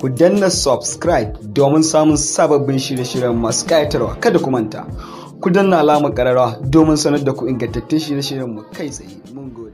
ku danna subscribe domin samun sababbin shirye-shiryen masu ƙayatarwa kada ku manta ku danna alamar ƙararrawa domin sanar da ku ingantattun shirye-shiryen mu kai tsaye mun gode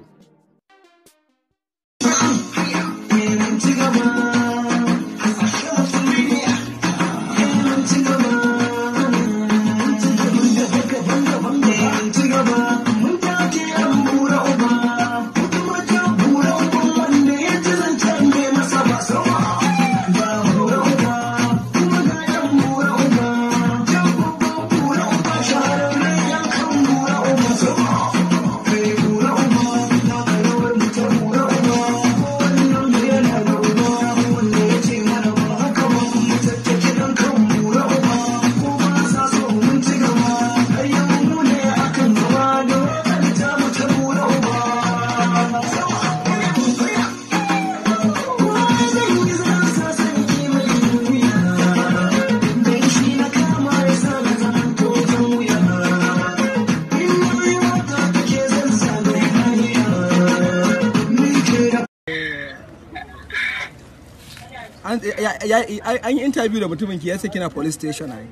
an yi interview da mutumin ki ya sai kina police station a yi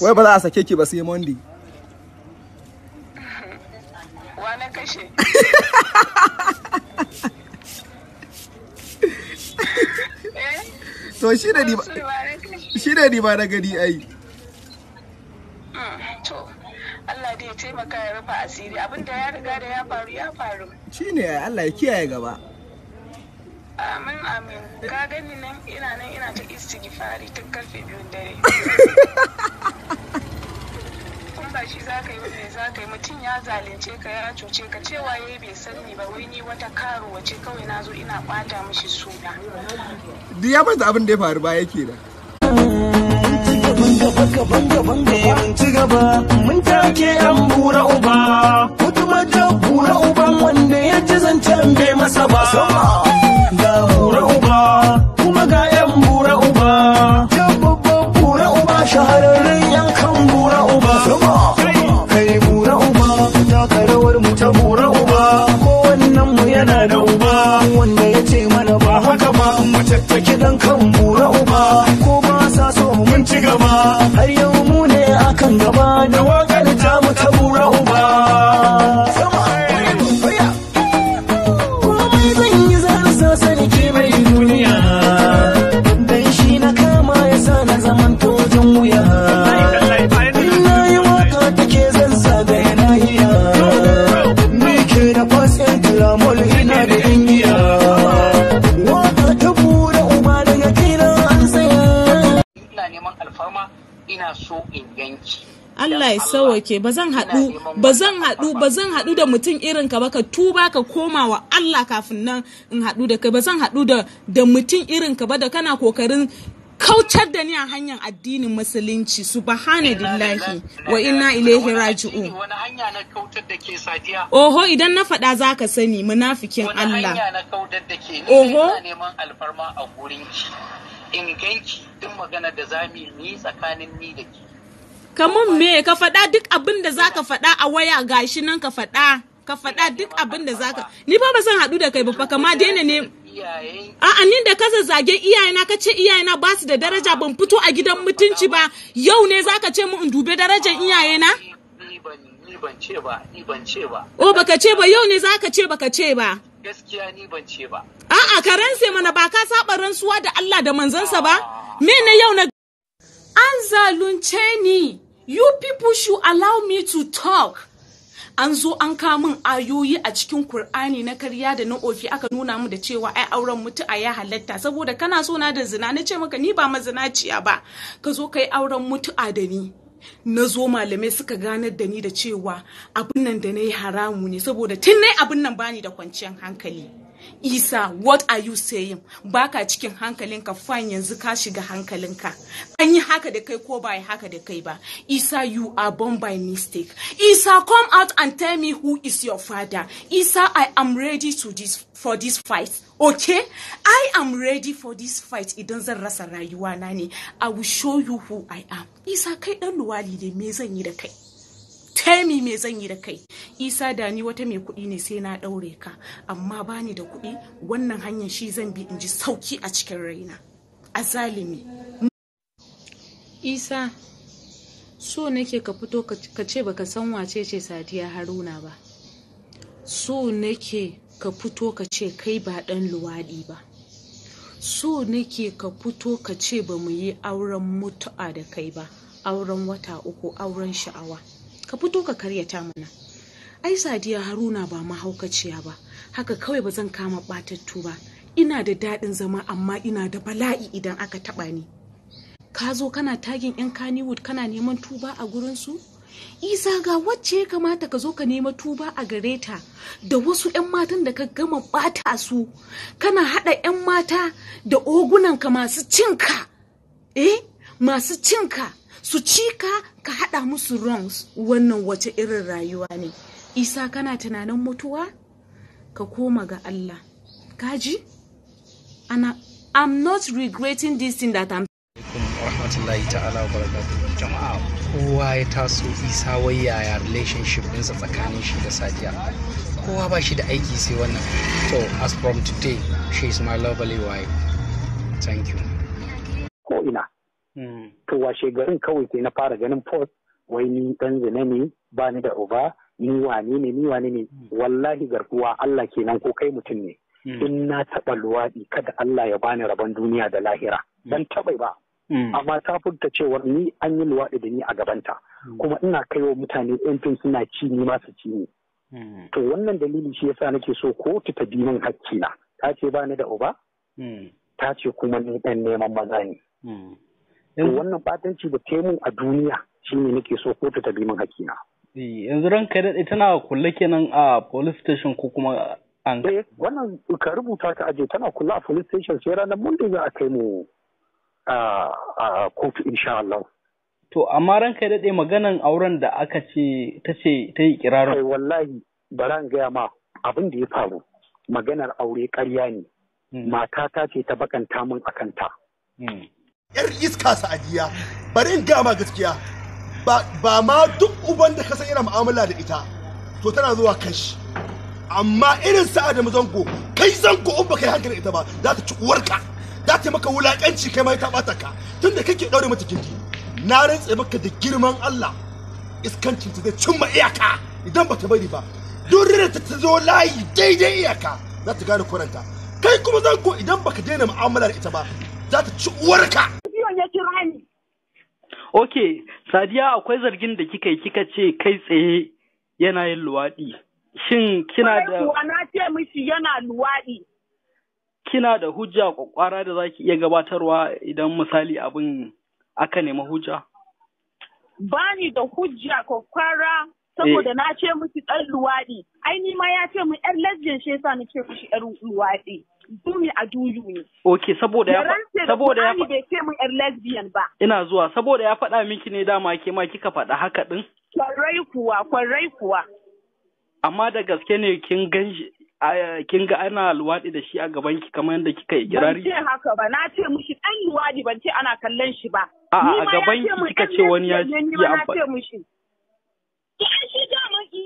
wai ba za a sake ki ba sai monday wa na kashe eh? to shi da ni ba na gani ai ya taimaka ya rufa asiri abin da ya riga da ya faru ya faru Shi shine Allah ya kiyaye gaba amin amin ka gani nan ina nan ina ta istighfari tun karfe biyun dare kun ba shi za ka yi me za ka yi mutum ya zalunce ka ya cuce ka cewa ya yi bai sani ba wai ni wata karo wace kawai na zo ina bata mishi suna duk ya bar abin da ya faru ba yake da gaba gaban gaban gaba mun ci gaba mun take yan bura uba kuma da bura uban wanda ya ci zancen bai masa ba ga bura uba kuma ga yan bura uba da babban bura uba shahararren yankan bura uba kai bura uba da karawar mu ta bura uba kowannen mu yana da uba wanda ya ce mana ba haka ba mu tattaki dan kan bura uba ko ba sa so mun ci gaba har yau mu ne akan gaba da ke ba zan haɗu ba zan haɗu ba zan haɗu da mutum irin ka ba ka tuba ka koma wa Allah kafin nan in haɗu da kai ba zan haɗu da da mutum irin ka ba da kana kokarin kaucar da ni a hanyar addinin musulunci subhanallahi wa inna ilaihi raji'un wani hanya na kautar da ke sadiya oho idan na faɗa zaka sani munafikin Allah wani hanya na kautar da ke oho neman alfarma a gurin ki in ganki duk magana da zamu yi tsakanin ni da ki kamar me ka faɗa duk abin da ka faɗa a waya gashi nan ka faɗa ka faɗa duk abin da ka ni fa ba san haɗu da kai ba kama daina ne a'a ni da ka zazzage iyayena ka ce iyayena ba su da daraja ban fito a gidan mutunci ba yau ne za ka ce mu in dube darajar iyayena ni oh, ce ba ni ce ba o baka ce ba yau ne ka ce baka ce ba gaskiya ni ban ce ba a'a ka ranse mana ba ka saba rantsuwa da Allah da manzansa ba me ne yau na an zalunce ni you allow me to talk an zo an min ayoyi a cikin Kur'ani na karya da na ofi aka nuna mu da cewa ai auren mutu'a ya halatta saboda kana so na da zina na ce maka ni ba mazinaciya ba ka zo ka yi auren mutu'a da ni na zo malamai suka ganar da ni da cewa abin nan da na yi haramu ne saboda tun na abin nan bani da kwanciyar hankali. isa what are you saying baka cikin hankalinka fan yanzu ka shiga hankalinka an yi haka da kai ko ba yi haka da kai ba isa you are born by mistake isa come out and tell me who is your father isa i am ready to this for this fight okay i am ready for this fight idan zan rasa rayuwa na ne i will show you who i am isa kai dan luwali ne me zan yi da kai temi mai zan yi da kai isa da ni wata mai kuɗi ne sai na ɗaure ka amma bani da kuɗi wannan hanyar shi zan bi in ji sauki a cikin raina a zalimi isa so nake ka fito ka ce baka san wace ce sadiya haruna ba so nake ka fito ka ce kai ba ɗan luwaɗi ba so nake ka fito ka ce ba mu yi auren mutu'a da kai ba auren wata uku auren sha'awa ka fito ka karyata mana ai sadiya haruna ba mahaukaciya ba haka kawai ba zan kama batattu ba ina da daɗin zama amma ina da bala'i idan aka taɓa ni ka zo kana tagin 'yan kaniwood kana neman tuba a gurinsu isa ga wacce ya kamata ka zo ka nema tuba a gare ta da wasu 'yan matan da ka gama bata su kana haɗa 'yan mata da ogunanka masu cinka eh masu cinka su cika ka haɗa musu wrongs wannan wace irin rayuwa ne isa kana tunanin mutuwa ka koma ga allah kaji ana i'm not regretting this thing that i'm rahmatullahi ta'ala barakatuhu jama'a kowa ya taso isa wai yaya relationship ɗinsa tsakanin shi da sadiya kowa ba shi da aiki sai wannan so as from today she is my lovely wife thank you ko ina to washe garin kawai sai na fara ganin post wai ni dan zina ne ba ni da uba ni wane ne ni wane ne wallahi garkuwa Allah kenan ko kai mutum ne in na taɓa luwaɗi kada Allah ya bani rabon duniya da lahira ban taɓa ba amma ta furta cewar ni an yi luwaɗi da ni a gabanta kuma ina kaiwa mutane fim suna ci ni masu ci ni to wannan dalili shi yasa nake so kotu ta bi min hakkina ta ce ba ni da uba ta ce kuma ni dan neman maza ne wannan batanci da taimun a duniya shine nake so kotu ta bi min hakina eh, yanzu ran ranka dade tana kula kenan a police station ko kuma an eh, wannan ka rubuta ta aje tana kula a police station sai ranar monday za a kai mu a kotu insha Allah to amma ran ranka daɗe maganan auren da aka ce ta ce ta yi kirarin kai wallahi baran gaya ma abin da ya faru maganar aure karya ne hmm. Mata ta ce ta bakanta min akanta hmm. yar iska sa'adiya bari in gama gaskiya ba ma duk uban da ka yana mu'amala da ita to tana zuwa kashi amma irin sa'a da zango kai zango in ba kai hankali ita ba za ta ci uwarka za ta maka wulakanci kai ma ta bata ka tunda kake daure mata gindi na rantse maka da girman Allah iskancin ta zai cimma iyaka idan ba ta bari ba duk da ta zo layi daidai iyaka za ta gane kuranta kai kuma zango idan baka daina mu'amala da ita ba za ta ci uwarka. Ciwon ya kira ni. Ok, Sadiya akwai zargin da kika yi kika ce kai tsaye yana yin luwaɗi. Shin kina da... Kuwa na ce mishi yana luwaɗi. Kina da hujja kwakwara da za ki iya gabatarwa idan misali abin aka nemi hujja? Ba ni da hujja kwakwara saboda eh. na ce mishi ɗan luwaɗi. Ai ni ma ya ce mu ‘yan lesbian shi yasa na ce mishi ‘yan luwaɗi. dumi a duyu ne. Ok, saboda ya saboda ya bai ce mun yar lesbian ba. Ina zuwa saboda ya faɗa miki ne dama ke ma kika faɗa haka din. Kwarai kuwa, kwarai kuwa. Amma da gaske ne kin gan kin ga ana luwaɗi da shi a gaban ki kamar yadda kika yi girari? Ban ce haka ba, na ce mushi ɗan luwaɗi ban ce ana kallon shi ba. A a gaban ki kika ce wani ya ce mushi. Ya shi shiga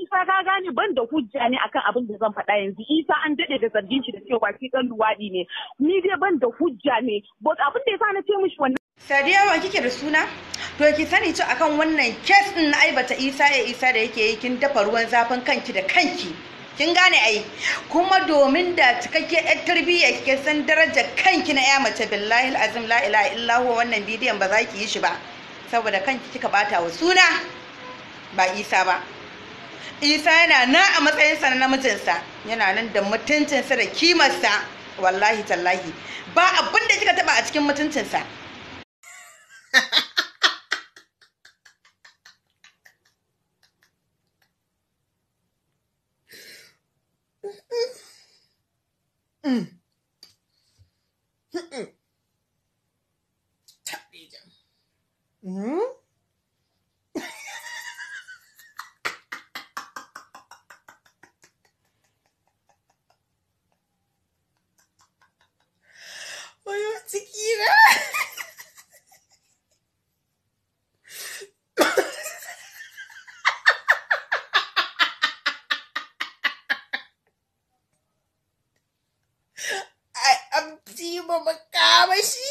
Isa ka gane ban da hujja ne akan abin da zan faɗa yanzu. Isa an daɗe da zargin shi da cewa shi ɗan luwaɗi ne. Ni dai ban da hujja ne. ba abin da yasa na ce mishi wannan. Sadiya wa kike da suna? To ki sani ci akan wannan kes ɗin na aibata Isa ya Isa da yake yi kin dafa ruwan zafin kanki da kanki. kin gane ai kuma domin da cikakke yar tarbiyya kike san daraja kanki na ya mace billahi azim la ilaha illa huwa wannan bidiyon ba za ki yi shi ba saboda kanki kika bata wa suna ba isa ba isa yana nan a matsayinsa na namijinsa yana nan da mutuncinsa da kimarsa wallahi tallahi ba abin da kika taba a cikin mutuncinsa Mm-hmm. よ好きな。I am Timo Makamashi.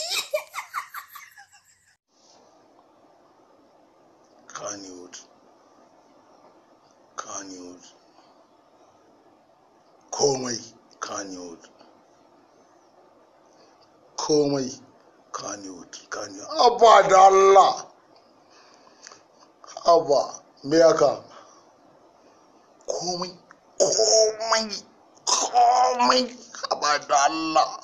da Allah abba me aka komai komai komai haba da Allah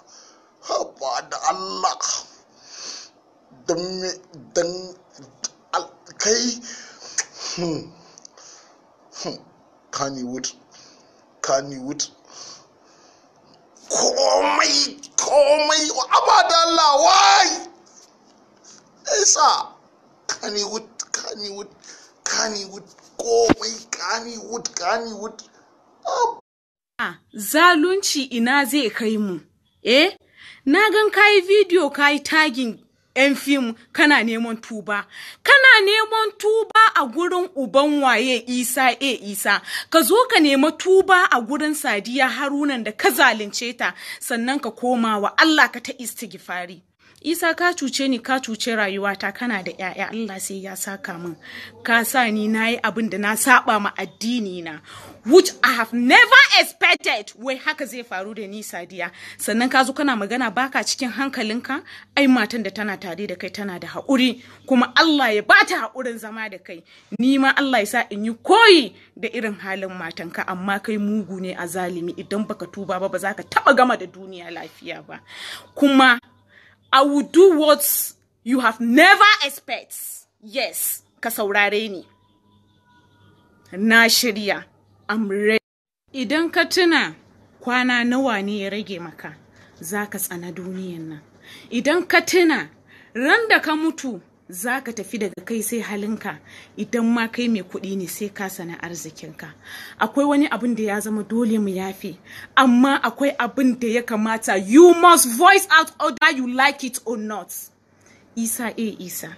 a ah, zalunci ina zai kai mu eh na gan kayi video kayi tagin yan fim kana neman tuba kana neman tuba a gurin uban waye isa e isa ka zo ka nema tuba a gurin sadiya harunan da ka zalunce ta sannan ka koma wa allah ka ta istighfari isa ka cuce ni ka cuce rayuwata kana da 'ya'ya allah sai ya saka min ka sa ni na yi abin da na saba ma addini na which i have never expected wai haka zai faru da ni sadiya sannan ka zo kana magana baka cikin hankalinka ai matan da tana tare da kai tana da haƙuri kuma allah ya bata haƙurin zama da kai ni ma allah ya sa in yi koyi da irin halin matanka amma kai mugu ne a zalimi idan baka tuba ba ba za ka taɓa gama da duniya lafiya ba kuma I will do what you have never expected. Yes, ka saurare ni. Na shirya, I'm ready. Idan ka tuna kwana nawa ne ya rage maka, za ka tsana duniyan nan. Idan ka tuna ran da ka mutu, za ka tafi daga kai sai halinka idan ma kai mai kuɗi ne sai ka sana arzikinka akwai wani abin da ya zama dole mu yafe amma akwai abin da ya kamata you must voice out whether you like it or not isa e isa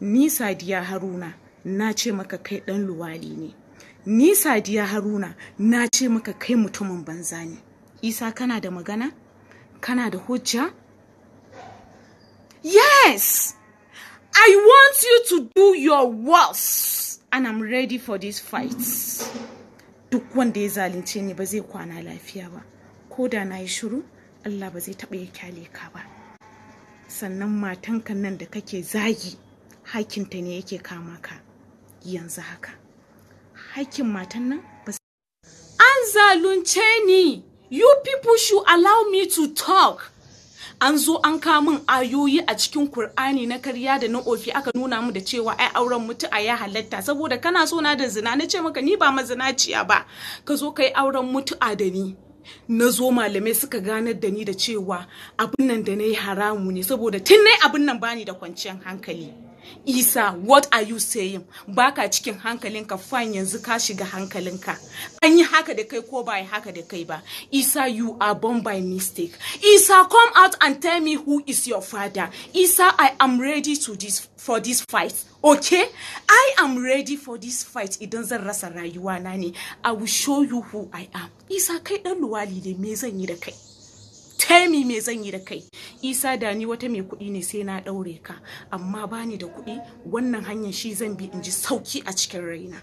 ni sadiya haruna na ce maka kai ɗan luwali ne ni sadiya haruna na ce maka kai mutumin banza ne isa kana da magana kana da hujja yes I want you to do your worst and I'm ready for this fight. Duk wanda ya zalunce ni ba zai kwana lafiya ba. Ko da na yi shiru, Allah ba zai taɓa ya kyale ka ba. Sannan matanka nan da kake zagi, hakinta ne yake kama ka yanzu haka. Hakin matan nan ba An zalunce ni! You people should allow me to talk. an zo an kamun ayoyi a cikin Kur'ani na karya da na ofi aka nuna mu da cewa ai auren mutu'a ya halatta saboda kana so na da zina na ce maka ni ba mazinaciya ba ka zo ka yi auren mutu'a da ni na zo malamai suka ganar da ni da cewa abin nan da na yi haramu ne saboda tun na abin nan bani da kwanciyar hankali. isa what are you saying baka cikin hankalinka fan yanzu ka shiga hankalinka an yi haka da kai ko ba haka da kai ba isa you are born by mistake isa come out and tell me who is your father isa i am ready to this for this fight okay i am ready for this fight idan zan rasa rayuwa na ne i will show you who i am isa kai dan luwali ne me zan yi da kai Temi mai zanyi zan yi da kai isa da ni wata mai kuɗi ne sai na ɗaure ka amma bani da kuɗi wannan hanyar shi zan bi in ji sauki a cikin raina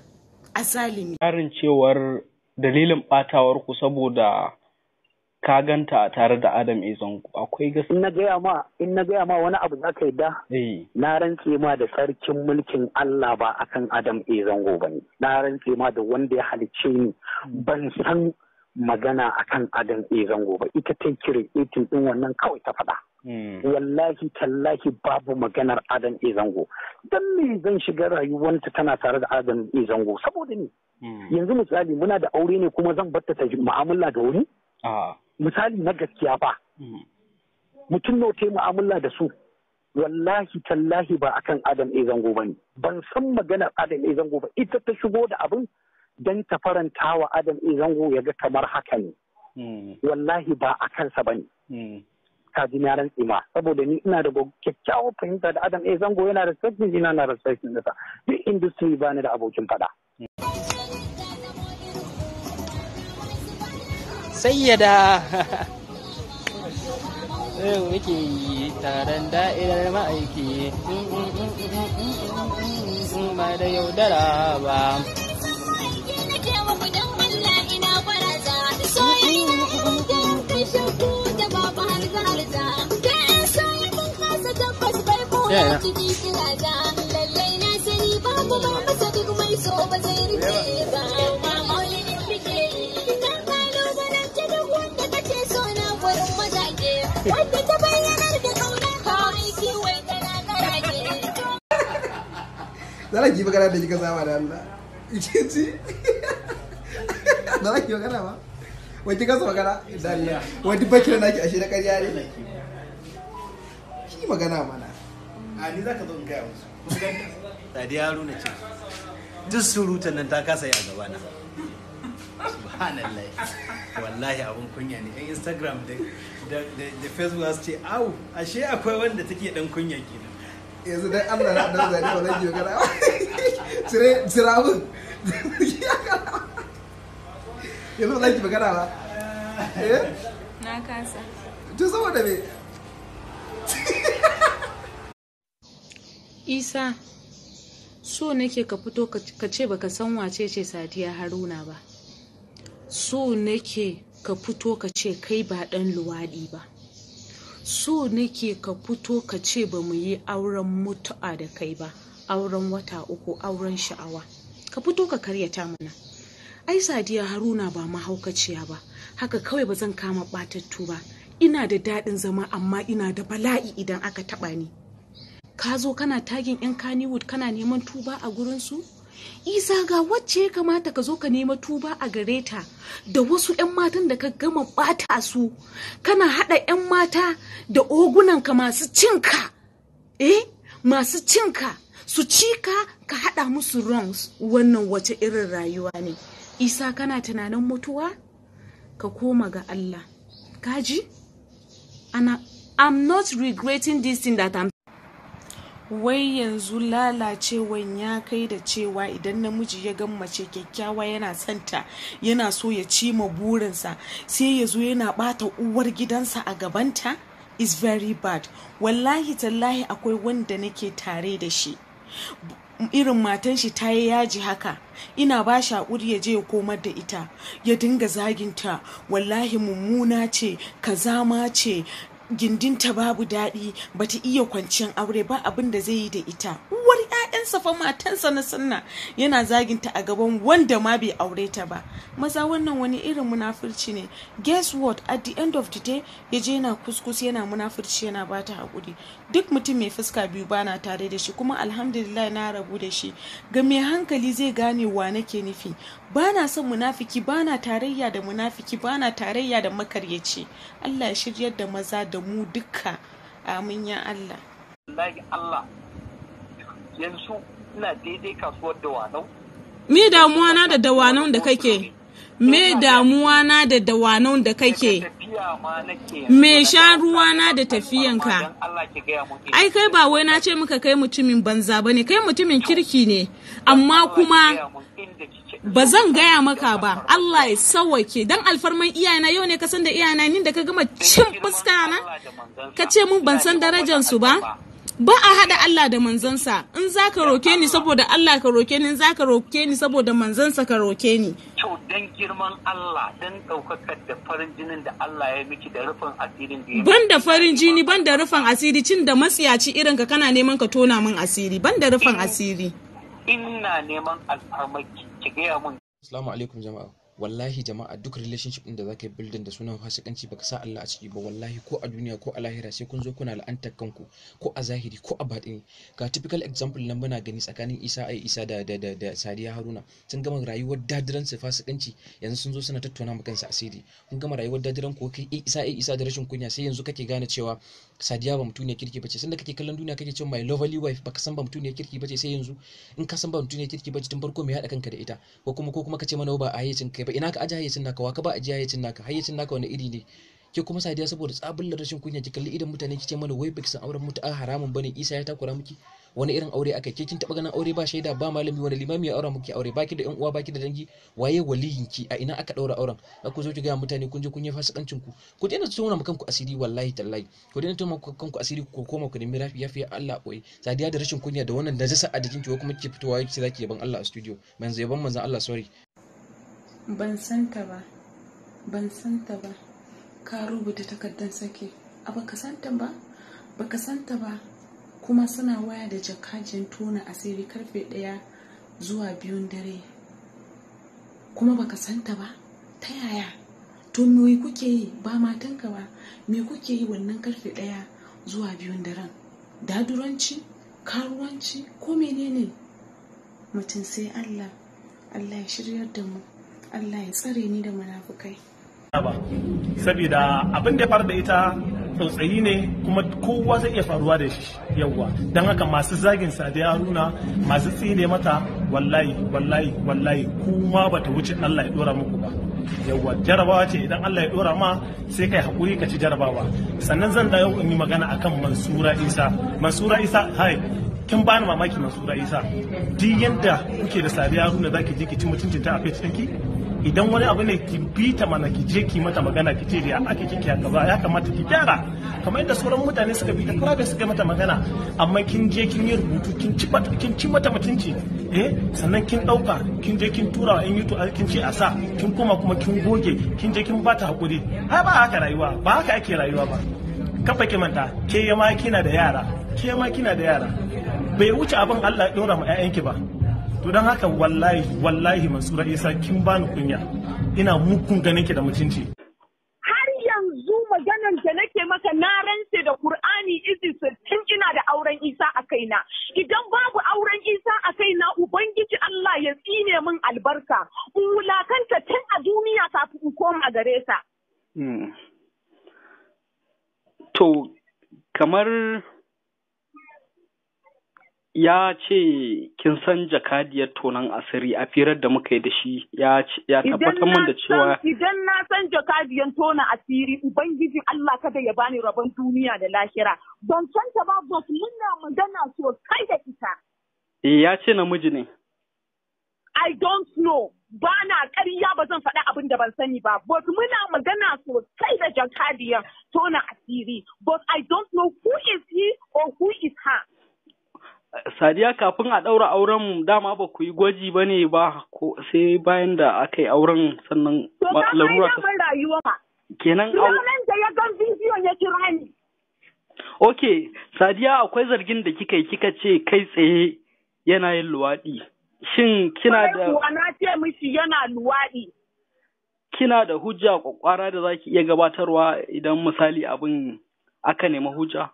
a zalimi ƙarin cewar dalilin ɓatawar ku saboda ka ganta a tare da adam zango akwai gaske in na gaya ma in na gaya ma wani abu zaka yadda eh. na rantse ma da sarkin mulkin Allah ba akan adam zango bane na rantse ma da wanda ya halicce ni ban san magana akan adam e zango ba ita ta kire itin din wannan kawai ta faɗa. Hmm. wallahi tallahi babu maganar adam e zango Don me zan shiga rayuwanta tana tare da adam e zango saboda ni hmm. yanzu misali muna da aure ne kuma zan batta ta mu'amala da wuri ah. misali na gaskiya ba hmm. mutum nawa ta mu'amala da su wallahi tallahi ba akan adam e zango ba ne ban san maganar adam e zango ba ita ta shigo da abin dan ta faranta wa Adam e zango ya ga kamar haka ne. Wallahi ba a kansa ba ne. Ka ji na rantsi ma saboda ni ina da kyakkyawar fahimta da Adam e zango yana da sabbin jina na rasashin nasa duk industry ba ni da abokin fada. Sayyada Yau muke yi taron da'irar ma'aiki, ba da yaudara ba. Yeah, Wanda ta bayyanar da ƙaunar ka kiwon tana da kika zama da Allah. kin ji ba ki magana ba wai kin kasa magana dariya wai duk bakira naki ashe na ƙarya ne ki magana mana a ni zaka zo in gaya musu dariya yaro ce duk surutan nan ta kasa yi a na? subhanallah wallahi abun kunya ne yan instagram da facebook za su ce au ashe akwai wanda take dan kunya kenan yanzu dai Allah na dan zane ba zan yi magana cire cira mun yanzu ba zan yi magana ba eh? na kasa to saboda me isa so nake ka fito ka ce baka san wace ce sadiya haruna ba so nake ka fito ka ce kai ba dan luwaɗi ba so nake ka fito ka ce ba mu yi auren mutu'a da kai ba auren wata uku auren sha'awa ka fito ka karyata mana ai sadiya haruna ba mahaukaciya ba haka kawai ba zan kama batattu ba ina da daɗin zama amma ina da bala'i idan aka taɓa ni ka zo kana tagin 'yan kaniwood kana neman tuba a gurinsu isa ga wacce ya kamata ka zo ka nema tuba a gare ta da wasu 'yan matan da ka gama bata su kana haɗa 'yan mata da ogunanka masu cinka eh masu cinka su cika ka haɗa musu wrongs wannan wace irin rayuwa ne isa kana tunanin mutuwa ka koma ga allah kaji ana i'm not regretting this thing that i'm wai yanzu lalacewan ya kai da cewa idan namiji ya gan mace kyakkyawa yana santa yana so ya ci ma burinsa sai ya zo yana bata uwar gidansa a gabanta is very bad wallahi tallahi akwai wanda nake tare da shi irin matan shi ta yi yaji haka ina ba shi haƙuri ya je ya komar da ita ya dinga zaginta wallahi mummuna ce kazama ce gindinta babu daɗi bata iya kwanciyar aure ba abin da zai yi da ita uwar 'ya'yansa fa matansa na sanna yana zaginta a gaban wanda ma bai aure ta ba maza wannan wani irin munafurci ne guess what at the end of the day ya je yana kuskus yana munafurci yana bata haƙuri duk mutum mai fuska biyu bana tare da shi kuma alhamdulillah na rabu da shi ga mai hankali zai gane wa nake nufi bana son munafiki bana tarayya da munafiki bana tarayya da makaryaci Allah ya shiryar da maza da mu duka amin ya Allah wallahi Allah yanzu ina daidai kasuwar dawanau me damuwa na da dawanau da kake me damuwa na da dawanon da kake me sha ruwa na da tafiyanka ai kai ba wai na ce muka kai mutumin banza ba ne. kai mutumin kirki ne amma kuma ba zan gaya maka ba Allah ya sawake dan alfarman iyana yau ne kasan da iyana ni da ka gama cin fuska na ka ce mun ban san darajansu su ba ba a hada Allah da manzansa in za ka roke ni saboda Allah ka roke ni in za ka roke ni saboda manzansa ka roke ni to dan girman Allah dan ɗaukaka da farin jinin da Allah ya miki da rufin asirin da ban da farin jini ban da rufin asiri cin da matsiyaci irin ka kana neman ka tona min asiri ban da rufin asiri ina neman alfarmaki ki gaya mun assalamu alaikum jama'a wallahi jama'a duk relationship din da zaka yi building da sunan fasikanci baka sa Allah a ciki ba wallahi ko a duniya ko a lahira sai kun zo kuna la'antar kanku ko a zahiri ko a batini ga typical example nan muna gani tsakanin Isa ai Isa da Sadiya Haruna sun gama rayuwar dadiran su fasikanci yanzu sun zo suna tattauna maka kansu asiri kun gama rayuwar dadiran ko kai Isa ai Isa da rashin kunya sai yanzu kake gane cewa sadiya ba ne kirki bace sanda kake kallon duniya kake cewa my lovely wife baka san ba ne kirki bace sai yanzu in ka san ba ne kirki bace tun farko me hada kanka da ita ko kuma ko kuma kace mana ba a hayyacin kai ba ina ka aje hayyacin naka wa ka ba aje hayyacin naka hayyacin naka wani iri ne ke kuma sadiya saboda tsabullar rashin kunya ki kalli idan mutane kice mana wai baki san auren mutu a haramun bane isa ya takura miki wani irin aure aka ke kin taba ganin aure ba shaida ba malami wani limami ya aura muke aure baki da yan uwa baki da dangi waye waliyin ki a ina aka daura auren za ku zo ki ga mutane kun je kun yi fasikancin ku ku daina tona kanku asiri wallahi tallahi ku daina tona kanku asiri ku koma ku nemi rafi yafi Allah koyi sadiya da rashin kunya da wannan da zasa a jikin ki kuma ki fitowa ki zaki yaban Allah a studio manzo yaban manzon Allah sorry ban san ta ba ban san ta ba ka rubuta takardar sake a baka san ta ba baka san ta ba kuma suna waya da jakajin tona asiri karfe ɗaya zuwa biyun dare kuma baka santa ba ta yaya to me kuke yi ba matanka ba me kuke yi wannan karfe ɗaya zuwa biyun daren daduranci karuwanci ko menene mutum sai allah allah ya shiryar da mu allah ya tsare ni da munafukai saboda abin da fara da ita tsautsayi ne kuma kowa zai iya faruwa da shi yauwa don haka masu zagin sadiya haruna masu tsine mata wallahi wallahi wallahi kuma bata wuce allah ya dora muku ba yauwa jarabawa ce idan allah ya dora ma sai kai hakuri ka ci jarabawa sannan zan dawo in yi magana akan mansura isa mansura isa hai kin bani mamaki mansura isa duk yadda kuke da sadiya haruna zaki je ki ci mutuncinta a fecinki idan wani abu ne ki bi ta mana ki je ki mata magana ki ce ya ake kike haka ba ya kamata ki gyara kamar yadda sauran mutane suka bi ta kuma da suka mata magana amma kin je kin yi rubutu kin ci mata kin ci mata mutunci eh sannan kin dauka kin je kin tura in in YouTube kin ce a sa kin koma kuma kin goge kin je kin bata hakuri ai ba haka rayuwa ba haka ake rayuwa ba kafa ki manta ke ma kina da yara ke ma kina da yara bai wuce abin Allah ya dora ma 'ya'yanki ba to don haka wallahi wallahi mansura isa kin bani kunya ina mukun ganin ki da mutunci har yanzu maganar da nake maka na rantse da qur'ani izi tun ina da auren isa a kaina idan babu auren isa a kaina ubangiji allah ya tsine min albarka in wulakanta tun a duniya kafin in koma gare sa hmm. to kamar ya ce kin san jakadiyar tonon asiri a firar da muka yi da shi ya tabbatar mun da cewa idan na san jakadiyar tonon asiri ubangiji Allah kada ya bani rabon duniya da lahira ban san ta ba bot muna magana sosai da ita eh, ya ce namiji ne I don't know ba na ƙarya ba zan faɗa abin da ban sani ba but muna magana sosai da jakadiyar tonon asiri but I don't know who is he or who is her Sadiya kafin a ɗaura auren dama ba ku yi gwaji ba ne ba ko sai bayan da aka yi auren sannan larura ta. rayuwa ma. Kenan au. Ranar da ya gan bidiyon ya kira ni. Ok, Sadiya akwai zargin da kika yi kika ce kai tsaye yana yin luwaɗi. Shin kina da. na ce mishi yana luwaɗi. Kina da hujja kwakwara da za ki iya gabatarwa idan misali abin aka nemi hujja?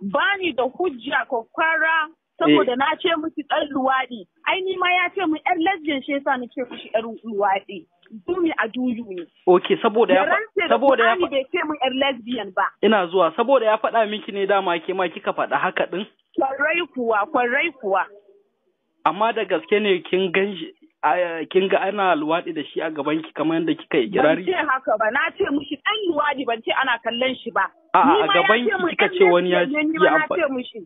bani da hujja kwakwara saboda eh. na ce miki ɗan luwaɗi ai ni ma ya ce min ɗan lesbian shi yasa ni ce mishi ɗan luwaɗi dumi a duyu ne Ok, saboda ya saboda ya bai ce mu ƴar lesbian ba ina zuwa saboda ya faɗa miki ne dama ke ma kika faɗa haka din kwarai kuwa kwarai kuwa amma da gaske ne kin ganshi kin ga ana luwaɗi da shi a gaban ki kamar yadda kika yi girari? Ban ce haka ba, na ce mushi ɗan luwaɗi ban ce ana kallon shi ba. A a gaban ki kika ce wani ya yi amfani.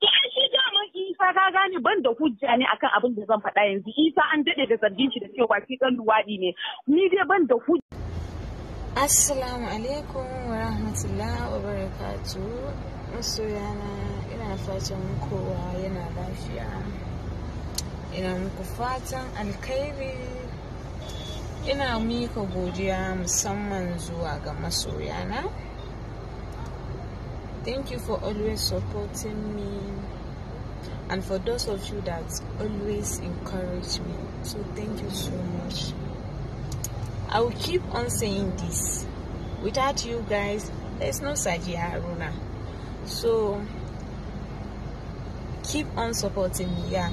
Ki shi shi mun? Isa ka gane ban da hujja ne akan abin da zan faɗa yanzu. Isa an daɗe da zargin shi da cewa shi ɗan luwaɗi ne. Ni dai ban da hujja. Assalamu alaikum wa rahmatullah wa barakatuh. Masoyana ina fatan kowa yana lafiya. ina muku fatan ina mika godiya musamman zuwa ga masoyana thank you for always supporting me and for those of you that always encourage me so thank you so much i will keep on saying this without you guys there's no Saji Haruna so keep on supporting me yeah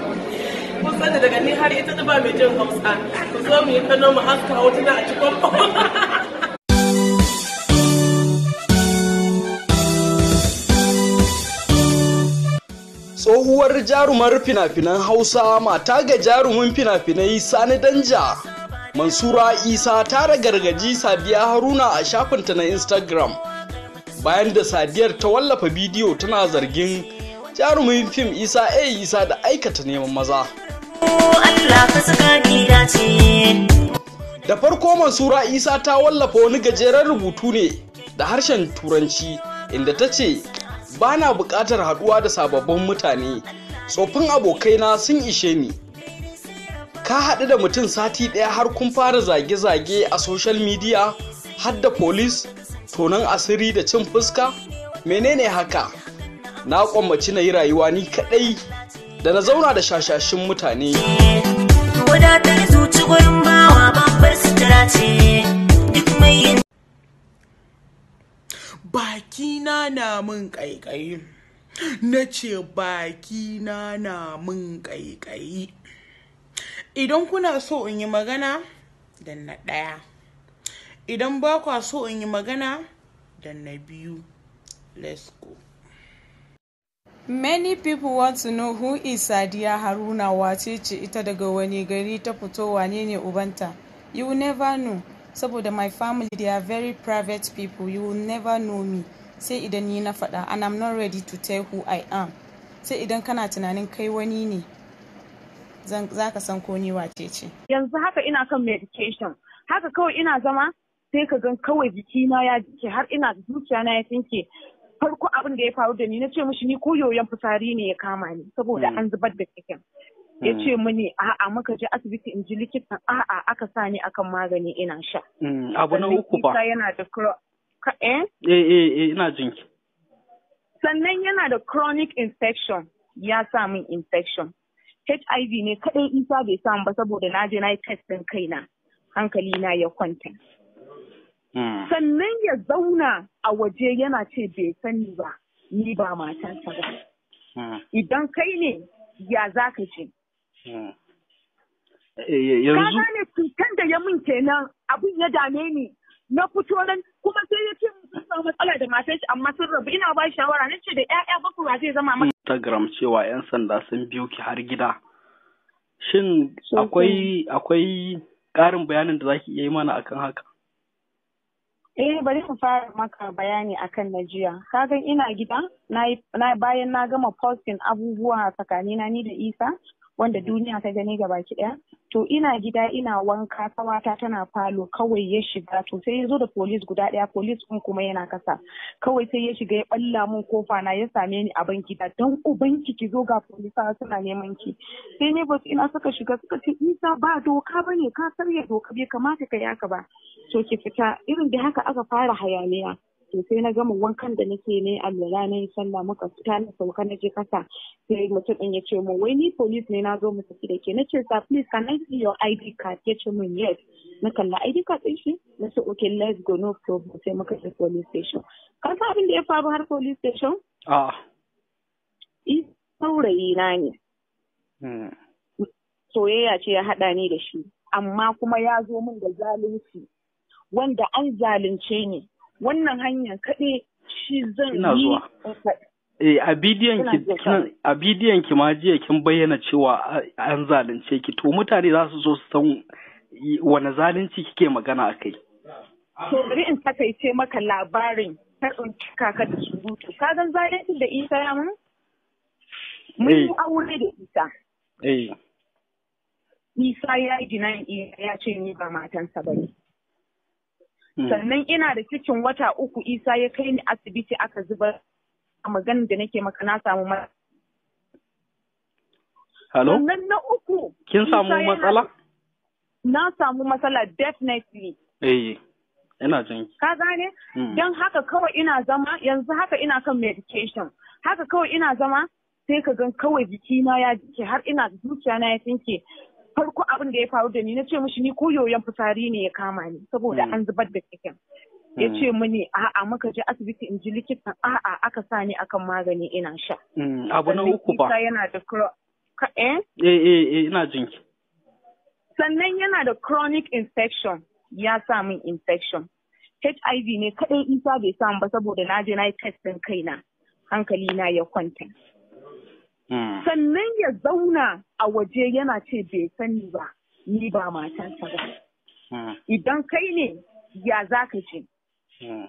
sani daga ni har ita ba mai jin hausa ku zo mu yi kano mu haska hotuna a cikin tsohuwar jarumar fina-finan hausa mata ga jarumin fina-finai sani danja mansura isa tara gargaji sadiya haruna a shafinta na instagram bayan da sadiyar ta wallafa bidiyo tana zargin jarumin fim isa a eh, isa da aikata neman maza da farko Mansura Isa ta wallafa wani gajeren rubutu ne da harshen turanci inda ta ce ba na buƙatar haɗuwa da sababbin mutane tsofin abokaina sun ishe ni ka haɗu da mutum sati ɗaya har kun fara zage-zage a social media har da polis tonon asiri da cin fuska menene haka na kwammaci na yi rayuwa ni kaɗai da na zauna da shashashin mutane wadatar na bakina na mun ƙaiƙayi na ce bakina na mun ƙaiƙayi idan kuna so in yi magana dan na ɗaya idan ba kwa so in yi magana dan na biyu let's go Many people want to know who is Sadiya Haruna wace ce ita daga wani gari ta fito wane ne ubanta. You will never know, saboda my family they are very private people, you will never know me. Sai idan ni na faɗa and I'm not ready to tell who I am. Sai idan kana tunanin kai wani ne, za ka san ko ni wace ce. Yanzu haka ina kan medication, haka kawai ina zama sai ka gan kawai jikina ya jike har ina zuciya na ya tsinke farko abin da ya faru da ni na ce mushi ni ko yoyon fitsari ne ya kama ni saboda mm. an zubar da cikin ya ce mm. mini a'a muka je asibiti in ji likitan a'a aka sa ni akan magani ina sha mm, abu na uku ba yana da eh? Eh, eh, eh ina jin. sannan yana da chronic infection ya sa infection HIV ne kadai isa bai samu ba saboda na je na yi test din kaina hankali na ya kwanta Hmm. Sannan ya zauna a waje yana ce bai sani ba, ni ba matansa ba. Hmm. Idan kai ne, ya za ka ce. Hmm. Eh, eh, yanzu. ne cutan da ya min kenan abin ya dame ni. Na fito nan kuma sai ya ce sun samu matsala da matan shi amma sun rabu ina ba shawara na ce da 'ya'ya bakwai ba zai zama maka. Instagram cewa 'yan sanda sun biyo ki har gida. Shin akwai akwai ƙarin bayanin da zaki iya yi mana akan haka? Eh bari mu fara maka bayani akan na jiya. Kagan ina gida bayan na gama posting abubuwa tsakanina ni da Isa wanda mm. duniya ta gani gaba ɗaya to ina gida ina wanka kawata tana falo kawai ya shiga to sai ya zo da polis guda ɗaya polis ɗin kuma yana kasa kawai sai ya shiga ya balla mun kofa na ya same ni a banki da don uban ki zo ga polisa suna neman ki sai ne ba ina suka shiga suka ce isa ba doka bane ka sarya doka bai kamata ka yaka ba to ki fita irin da haka aka fara hayaniya to sai na gama wankan da nake ne alwala na yi sallah muka fita na sauka na je kasa sai mutum din ya ce min wai ni police ne na zo mu tafi da ke na ce sa please can I see your ID card ya ce min yes na kalla ID card din shi na ce okay let's go no problem sai muka je police station ka san abin da ya faru har police station a saurayi na ne hmm. soyayya ce ya haɗa ni da shi amma kuma ya zo min da zalunci wanda an zalunce ni wannan hanyar kaɗai shi zan yi Eh, a bidiyon ki ma jiya kin bayyana cewa an zalunce ki to mutane za su zo su san wani zalunci kike magana a kai. To bari in takaice maka labarin kar in kaka da surutu. Ka zan zalunci da Isa ya mun? Mun yi eh. aure da Isa. Eh. Isa ya yi jina ya ce ni ba matansa ba ne. Hmm. sannan ina da cikin wata uku isa ya kai ni asibiti aka zubar a maganin da nake maka na samu Halo? Sannan na uku. Kin samu matsala? Na samu matsala definitely. Eh, ina jin. Ka gane? Hmm. Don haka kawai ina zama, yanzu haka ina kan medication. Haka kawai ina zama, sai ka gan kawai na ya jike har ina zuciya na ya tinke. farko abin da ya faru da ni na ce mishi ni koyoyon fitsari ne ya kama ni saboda hmm. an zubar da cikin. ya hmm. ce mini a'a muka je asibiti in ji likitan a'a aka sa ni akan magani ina sha hmm, abu na uku ba yana da eh? Eh, eh, eh ina jin. sannan yana da chronic infection ya sa min infection HIV ne kadai isa bai samu ba saboda na je na yi test din kaina hankali na ya kwanta Mm. Sannan ya zauna a waje yana ce bai sani ba, ni ba matansa ba. Mm. Idan kai ne, ya za ka ce. Mm.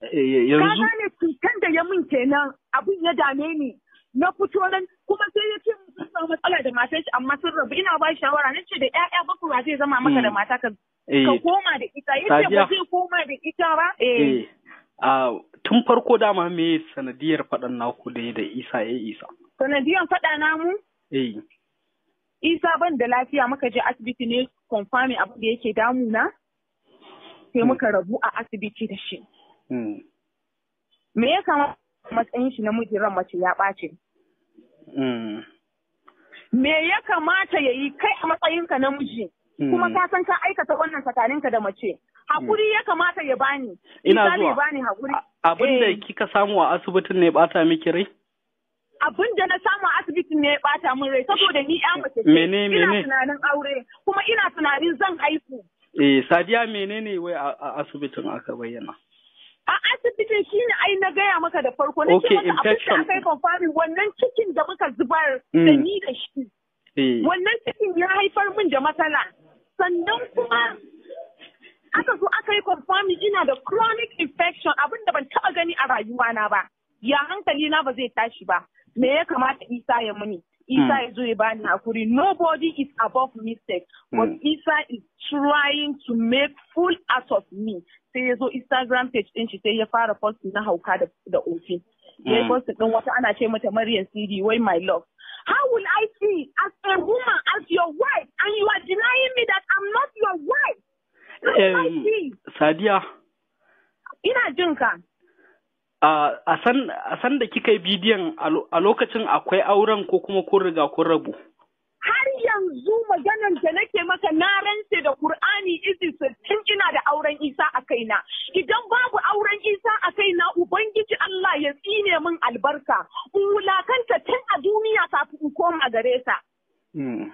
Eh, eh, yanzu. ne cutar da ya min kenan abin ya dame ni. Na fito nan kuma sai ya ce sun matsala da matar shi amma sun rabu ina ba shawara na ce da 'ya'ya kuma zai zama maka da mata eh. ka koma da ita yace ba zai koma da ita ba tun farko dama me sanadiyar faɗan naku da da isa ya eh, isa sanadiyar faɗa namu eh isa ban da lafiya muka je asibiti ne confirming abin da yake damuna sai muka hmm. rabu a asibiti da shi hmm. me ya kama matsayin shi na ran mace ya ɓace hmm. me ya kamata ya yi kai a matsayinka namiji kuma ka san ka aikata wannan tsakaninka da mace hakuri ya kamata ya bani ina zuwa bani hakuri abin da eh. kika samu a asibitin ne bata miki rai abin da na samu a asibitin ne bata min rai saboda ni ya mace mene mene ina tunanin aure kuma ina tunanin zan haihu eh sadiya menene wai a asibitin aka bayyana a asibitin shi ne ai na gaya maka da farko na ce maka abin da aka yi kamfani, wannan cikin da muka zubar hmm. da ni da shi eh. wannan cikin ya haifar min da matsala sannan kuma aka zo aka yi confirming ina da chronic infection abin da ban taɓa gani a rayuwana ba ya hankali na ba zai tashi ba me ya kamata isa ya muni isa hmm. ya zo ya bani hakuri nobody is above mistake hmm. but isa is trying to make full out of me sai ya zo instagram page din shi sai ya fara post na hauka da ofi ya yi hmm. post din wata ana ce mata maryam cd wai my love How will I see as a woman, as your wife, and you are denying me that I'm not your wife? Sadiya. Ina jin ka. A san da kika yi bidiyon a lokacin akwai auren ko kuma kun riga kun rabu. Har yanzu maganar da nake maka na rantse da Kur'ani izi tun ina da auren Isa a kaina. Idan babu auren Isa a kaina Ubangiji Allah ya tsine min albarka. In wulakanta tun a duniya kafin in koma gare sa. Hmm.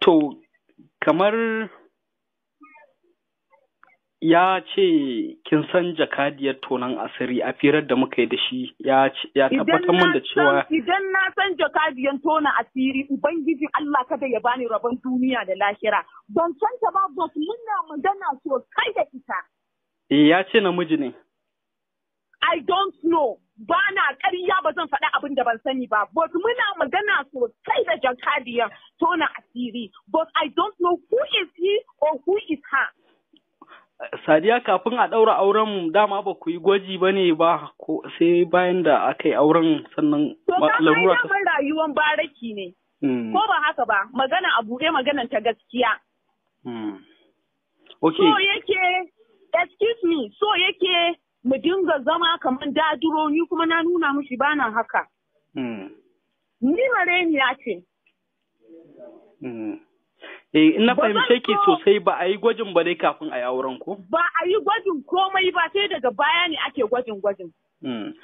To, kamar ya ce kin san jakadiyar tonon asiri a firar da muka yi da shi ya tabbatar min da cewa idan na san jakadiyar tonon asiri ubangiji Allah kada ya bani rabon duniya da lahira ban san ta ba bos muna magana kai da ita eh, ya ce namiji ne I don't know ba na ƙarya ba zan faɗi abin da ban sani ba bos muna magana kai da jakadiyar tonon asiri but I don't know who is he or who is her Sadiya kafin a ɗaura auren dama ba ku yi gwaji ba ne ba ko sai bayan da aka yi auren sannan larura ta. Kuma rayuwar baraki ne. Hmm. Ko ba haka ba magana a buɗe maganan ta gaskiya. Hmm. Okay. So yake excuse me so yake mu dinga zama kamar daduro ni kuma na nuna mushi bana haka. Hmm. Ni ya ce. Eh, ina fahimce ki sosai ba a yi gwajin ba dai kafin a yi auren ko? Ba a yi gwajin komai ba sai daga baya ne ake gwajin gwajin. Hmm.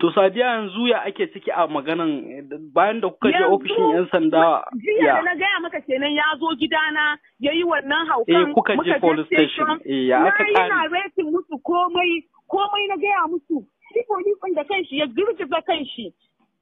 To Sadiya yanzu ya ake ciki a maganan bayan da kuka je ofishin 'yan sanda. Jiya da na gaya maka kenan ya zo gidana ya yi wannan haukan. Eh kuka je police station. Eh ya aka kare. Na yana retin musu komai komai na gaya musu. Shi police da kanshi ya girgiza kanshi.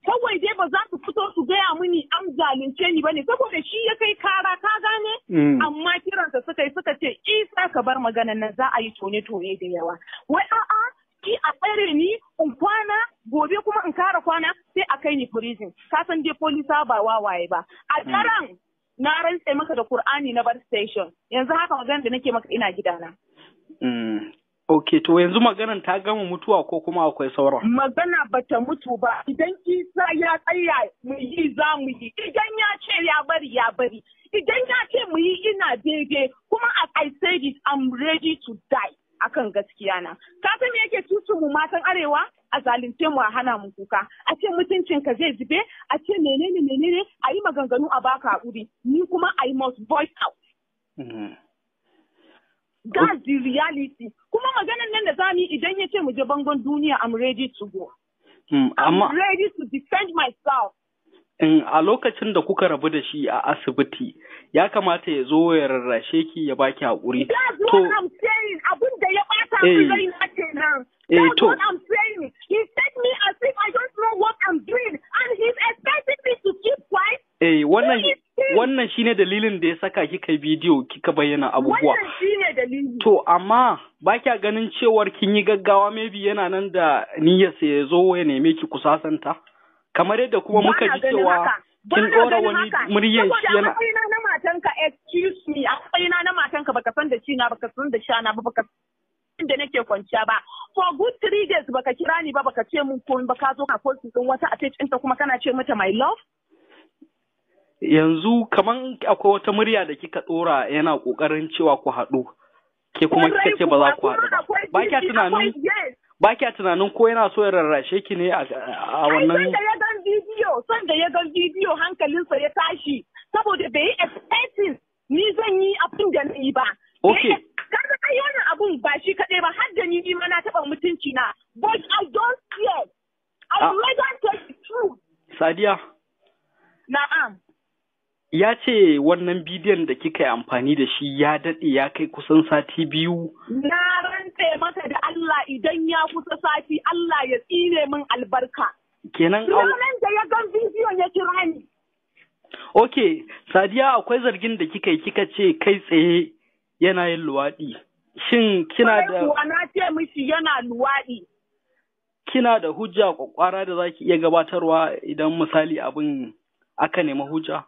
kawai dai ba za su fito su gaya mini an zalunce ni bane saboda shi ya kai kara ka gane mm. amma kiransa suka yi suka ce isa ka bar maganan nan za a yi tone tone da yawa wai a'a ki a tsare ni in kwana gobe kuma in kara kwana sai a kai ni prison ka san dai polisa ba wawaye ba a mm. daren na rantse maka da Kur'ani na bar station yanzu haka magana da nake maka ina gidana mm. Ok, to yanzu maganan ta gama mutuwa ko kuma akwai sauran? Magana bata mutu ba, idan Isa ya tsaya mu yi za mu yi, idan ya ce ya bari ya bari, idan ya ce mu yi ina daidai, kuma as I said it, I'm ready to die akan gaskiya na. Ka san me yake tutu mu matan arewa? a zalunce mu a hana mu kuka a ce mutuncin ka zai zube a ce menene menene a yi maganganu a baka hakuri ni kuma I must voice out. Mm-hmm. That's the reality. Kuma maganar nan da za mu yi idan ya ce mu je bangon duniya I'm ready to go. Hmm, I'm ready to defend myself. In a lokacin da kuka rabu da shi a asibiti, ya kamata ya zo ya rarrashe ki ya baki haƙuri. That's what I'm saying. Abin da ya bata min eh. rai na kenan. Eh, That's what I'm saying. He take me as if I don't know what I'm doing and he's expecting me to keep quiet. Eh, wannan Wannan shine dalilin da ya saka kika bidiyo kika bayyana abubuwa. Wannan shine dalili. To amma ba kya ganin cewar kin yi gaggawa maybe yana nan da niyyarsa ya zo ya neme ki kusasanta? Kamar yadda kuma muka ji cewa kin ɗora wani muryan shi yana. Akwai na matanka excuse me akwai na matanka baka san da shi na baka san da shana ba baka san da nake kwanciya ba. for good three days baka kira ni ba baka ce mun komai ba ka zo ka post ɗin wata a ce ɗinta kuma kana ce mata my love yanzu kaman akwai wata murya da kika ɗora yana ƙoƙarin cewa ku haɗu ke kuma kika ce ba za ku haɗu ba ba kya tunanin ba kya tunanin ko yana so ya rarrashe ki ne a wannan da ya gan bidiyo son da ya gan bidiyo hankalinsa ya tashi saboda bai yi expecting ni zan yi abin da na ba okay kaga kai wannan abun ba shi kaɗai ba har da ni ni ma na taɓa mutunci na but I don't care I rather tell the truth Sadiya Na'am ya ce wannan bidiyon da kika yi amfani da shi ya daɗe ya kai kusan sati biyu. Na rantse masa da Allah idan ya kusa sati Allah ya tsine min albarka. Kenan au. Ranar da ya gan bidiyon ya kira ni. Ok, Sadiya akwai zargin da kika yi kika ce kai tsaye yana yin luwaɗi. Shin kina da. na ce mishi yana luwaɗi. Kina da hujja kwakwara da za ki iya gabatarwa idan misali abin aka nemi hujja?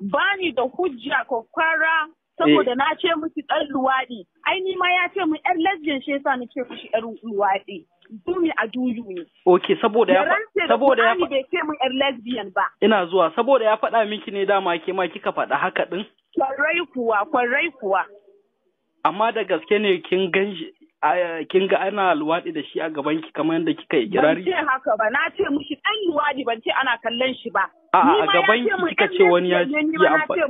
bani da hujja ko fara saboda eh. na ce musu ɗan luwaɗi ai ni ma ya ce mu ɗan lesbian shi yasa ni ce mishi ƴar luwaɗi dumi a duyu ne ok saboda ya saboda ya bai ce mu ƴar lesbian ba ina zuwa saboda ya faɗa miki ne dama ke ma kika faɗa haka ɗin kwarai kuwa kwarai kuwa amma da gaske ne kin ganshi, kin ga ana luwaɗi da shi a gaban ki kamar yadda kika yi kirari? Ban ce haka ba, na ce mushi dan luwaɗi ban ce ana kallon shi ba. A a gaban ki kika ce wani ya ce. amfani.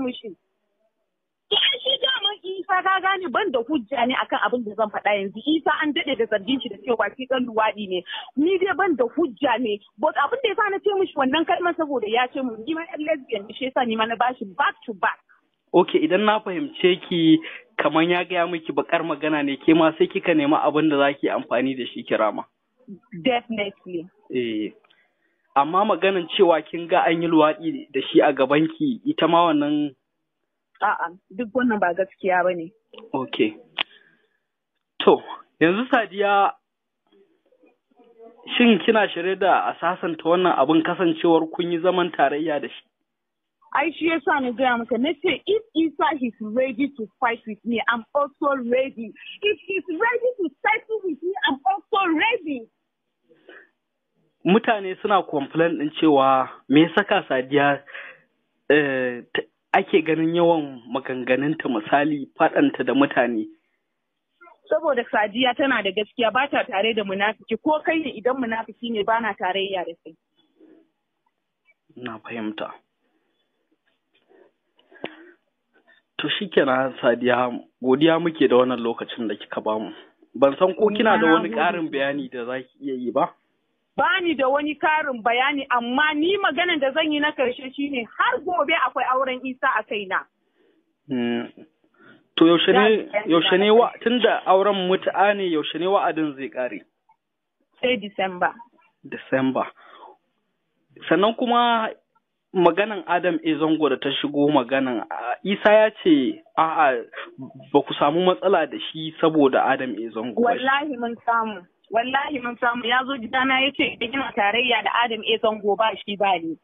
Yan shi mun Isa ka gane ban da hujja ne akan abin da zan faɗa yanzu. Isa an dade da zargin shi da cewa shi dan luwaɗi ne. Ni dai ban da hujja ne. ba abin da ya sa na ce mushi wannan kalmar saboda ya ce mun ni ma ƴan lesbian ne shi yasa ni ma na bashi back to back. Ok, idan na fahimce ki kamar ya gaya miki bakar magana ne ke ma sai kika nema abin da zaki amfani da shi ma. Definitely. Eh. Amma maganin cewa kin ga an yi luwaɗi da shi a gabanki ita ma wannan. A'a, duk wannan ba gaskiya ba ne. Ok. To, yanzu Sadiya shin kina shirye da a sasanta wannan abin kasancewar kun yi zaman tarayya da shi? Ai shi sa ni gaya maka na ce if Isa is ready to fight with me, I'm also ready. If he's ready to fight with me, I'm also ready. Mutane suna complain din cewa me saka Sadiya eh, ake ganin yawan maganganunta misali faɗanta da mutane. Saboda Sadiya tana da gaskiya ba ta tare da munafiki ko kai ne idan munafiki ne ba na tarayya da kai. Na fahimta. To kenan Sadiya godiya muke da wannan lokacin da kika bamu. Ban san ko kina da wani ƙarin bayani da za ki iya yi ba? Ba ni da wani ƙarin bayani amma ni maganan da zan yi na karshe shine har gobe akwai auren Isa a kaina. Hmm. To yaushe ne yaushe ne wa tunda auren mutu'a ne yaushe ne wa'adin zai ƙare? Sai Disamba. Disamba. Sannan kuma maganan Adam zango da ta shigo maganan Isa ya ce a'a ba ku samu matsala da shi saboda Adam Ezango. Wallahi mun samu. Wallahi mun samu ya zo gidana ya ce idan ina tarayya da Adam Ezango ba shi ba ne.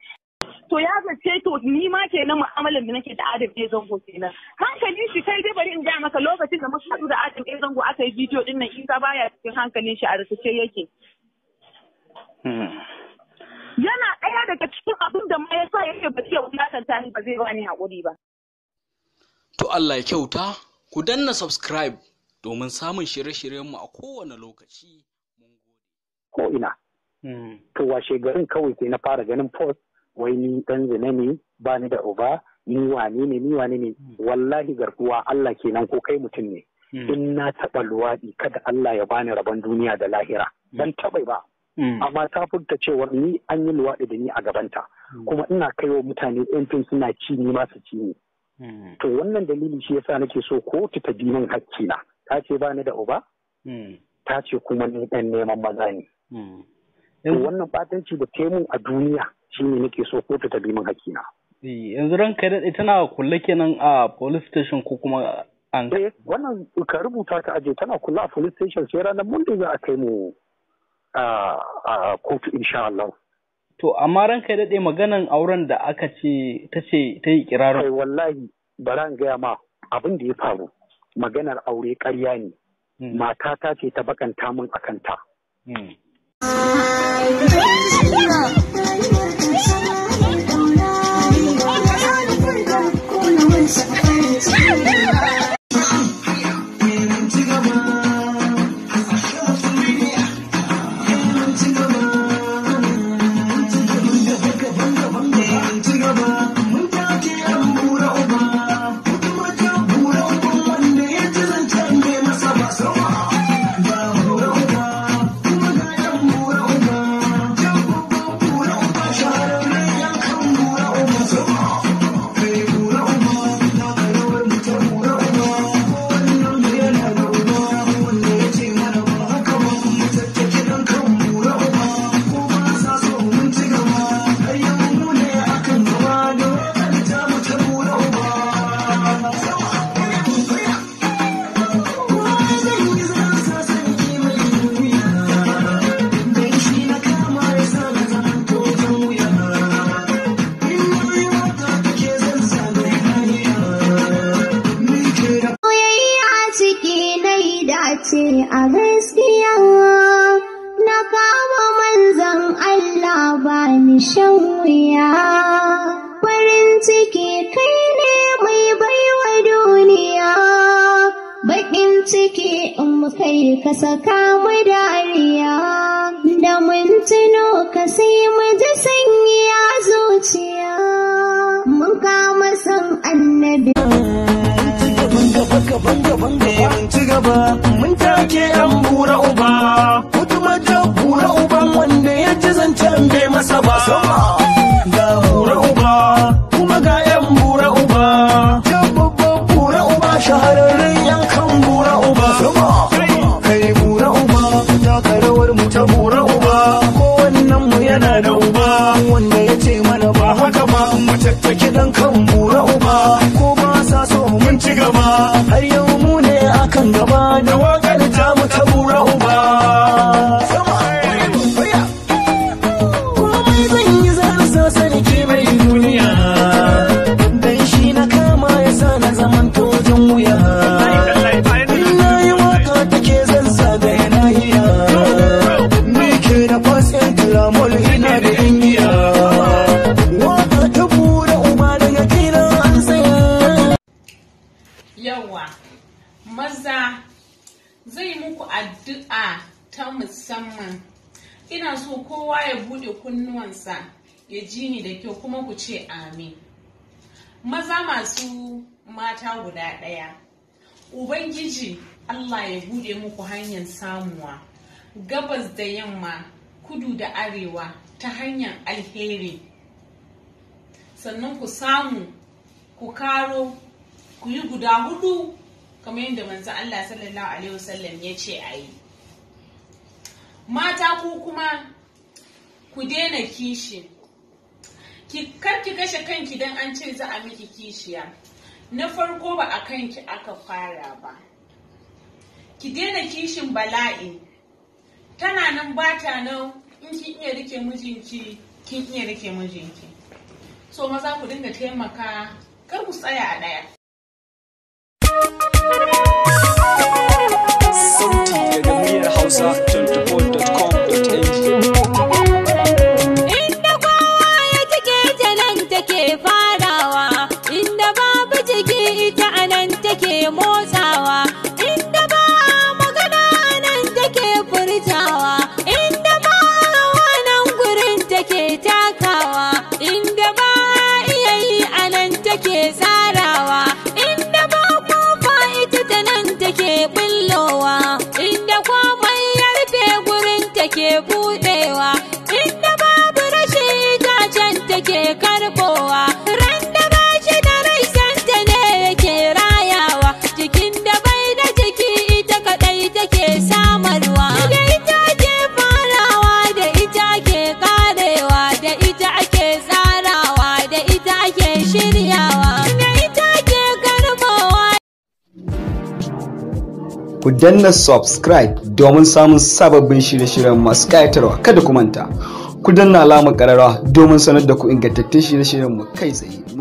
To ya zace to ni ma ke na mu'amalar da nake da Adam Ezango kenan. Hankalin shi kai dai bari in ga maka lokacin da muka haɗu da Adam Ezango aka yi bidiyo din nan Isa baya cikin hankalin shi a rikice yake. Hmm. yana ɗaya daga cikin abin da ma ya sa yake ba zai wulakanta ni ba zai bani haƙuri ba. To Allah ya kyauta ku danna subscribe domin samun shirye-shiryenmu a kowane lokaci. Ko ina. Hmm. To washe garin kawai sai na fara ganin post wai ni dan zina ne ba ni da uba ni wane ne ni wane ne hmm. wallahi garkuwa Allah kenan ko kai mutum ne. Hmm. In na taɓa luwaɗi kada Allah ya bani rabon duniya da lahira. Dan taɓa ba. Mm. amma ta furta cewar ni an yi luwaɗi da ni a gabanta mm. kuma ina kai wa mutane yan suna ci ni masu ci ni mm. to wannan dalili shi yasa nake so kotu ta hakki hakkina ta ce ba ni da uba ta ce kuma ni ɗan neman maza ne wannan batanci da taimun a duniya shi ne nake so kotu ta bi min hakkina eh, yanzu kai daɗe tana kula kenan a police station ko kuma an eh, wannan ka rubuta ka aje tana kula a police station sai ranar monday za a kai mu a kotu insha Allah. To amma ranka daɗe maganan auren da aka ce ta ce ta yi kirarin. Kai wallahi bari baran gaya ma abin da ya faru maganar aure karya ne. Hmm. Mata ta ce ta bakanta min akanta. Hmm. gaba har yau mu ne akan gaba da maza masu mata guda ɗaya ubangiji allah ya bude muku hanyar samuwa gabas da yamma kudu da arewa ta hanyar alheri sannan ku samu ku karo ku yi guda hudu kamar yadda manzo allah sallallahu alaihi wasallam ya ce a yi mata ku kuma ku daina kishin ki kar ki kashe kanki dan an ce za a miki kishiya na farko ba a kanki aka fara ba ki daina kishin bala'i tana nan ba ta nan in kin iya rike mijinki kin iya rike mijinki so maza ku dinga taimaka kar ku tsaya a ɗaya Sauti daga Hausa danna subscribe domin samun sababbin shirye-shiryen masu ƙayatarwa kada ku manta ku danna alamar ƙararwa domin sanar da ku ingantattun shirye-shiryen mu kai tsaye